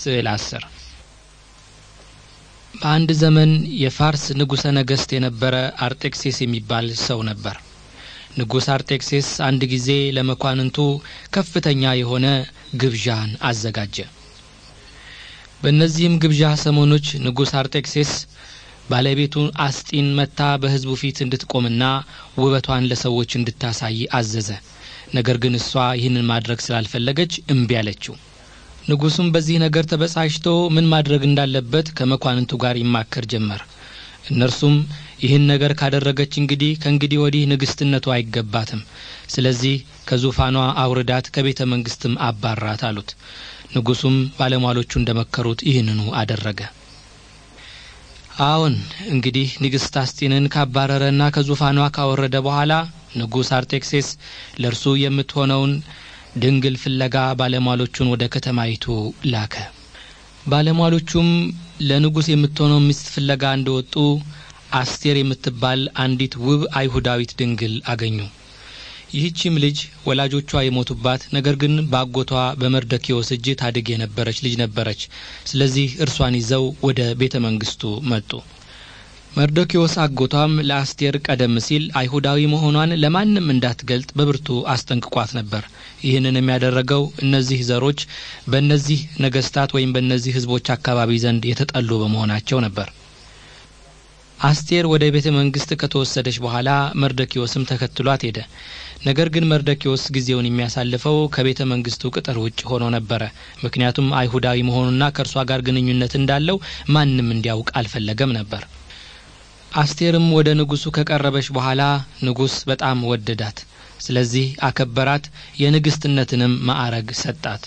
ስዕል አስር በአንድ ዘመን የፋርስ ንጉሠ ነገሥት የነበረ አርጤክሴስ የሚባል ሰው ነበር። ንጉሥ አርጤክሴስ አንድ ጊዜ ለመኳንንቱ ከፍተኛ የሆነ ግብዣን አዘጋጀ። በእነዚህም ግብዣ ሰሞኖች ንጉሥ አርጤክሴስ ባለቤቱ አስጢን መታ በሕዝቡ ፊት እንድትቆምና ውበቷን ለሰዎች እንድታሳይ አዘዘ። ነገር ግን እሷ ይህንን ማድረግ ስላልፈለገች እምቢ አለችው። ንጉሱም በዚህ ነገር ተበሳጭቶ ምን ማድረግ እንዳለበት ከመኳንንቱ ጋር ይማከር ጀመር። እነርሱም ይህን ነገር ካደረገች እንግዲህ ከእንግዲህ ወዲህ ንግስትነቱ አይገባትም፣ ስለዚህ ከዙፋኗ አውርዳት፣ ከቤተ መንግስትም አባራት አሉት። ንጉሱም ባለሟሎቹ እንደመከሩት ይህንኑ አደረገ። አሁን እንግዲህ ንግሥት አስጢንን ካባረረና ከዙፋኗ ካወረደ በኋላ ንጉሥ አርጤክሴስ ለእርሱ የምትሆነውን ድንግል ፍለጋ ባለሟሎቹን ወደ ከተማይቱ ላከ። ባለሟሎቹም ለንጉሥ የምትሆነው ሚስት ፍለጋ እንደወጡ አስቴር የምትባል አንዲት ውብ አይሁዳዊት ድንግል አገኙ። ይህቺም ልጅ ወላጆቿ የሞቱባት ነገር ግን በአጎቷ በመርደኪዎስ እጅ ታድግ የነበረች ልጅ ነበረች። ስለዚህ እርሷን ይዘው ወደ ቤተ መንግስቱ መጡ። መርዶኪዎስ አጎቷም ለአስቴር ቀደም ሲል አይሁዳዊ መሆኗን ለማንም እንዳትገልጥ በብርቱ አስጠንቅቋት ነበር። ይህንን የሚያደረገው እነዚህ ዘሮች በእነዚህ ነገስታት ወይም በእነዚህ ህዝቦች አካባቢ ዘንድ የተጠሉ በመሆናቸው ነበር። አስቴር ወደ ቤተ መንግስት ከተወሰደች በኋላ መርዶኪዎስም ተከትሏት ሄደ። ነገር ግን መርዶኪዎስ ጊዜውን የሚያሳልፈው ከቤተ መንግስቱ ቅጥር ውጭ ሆኖ ነበረ። ምክንያቱም አይሁዳዊ መሆኑና ከእርሷ ጋር ግንኙነት እንዳለው ማንም እንዲያውቅ አልፈለገም ነበር። አስቴርም ወደ ንጉሱ ከቀረበች በኋላ ንጉስ በጣም ወደዳት። ስለዚህ አከበራት፣ የንግስትነትንም ማዕረግ ሰጣት።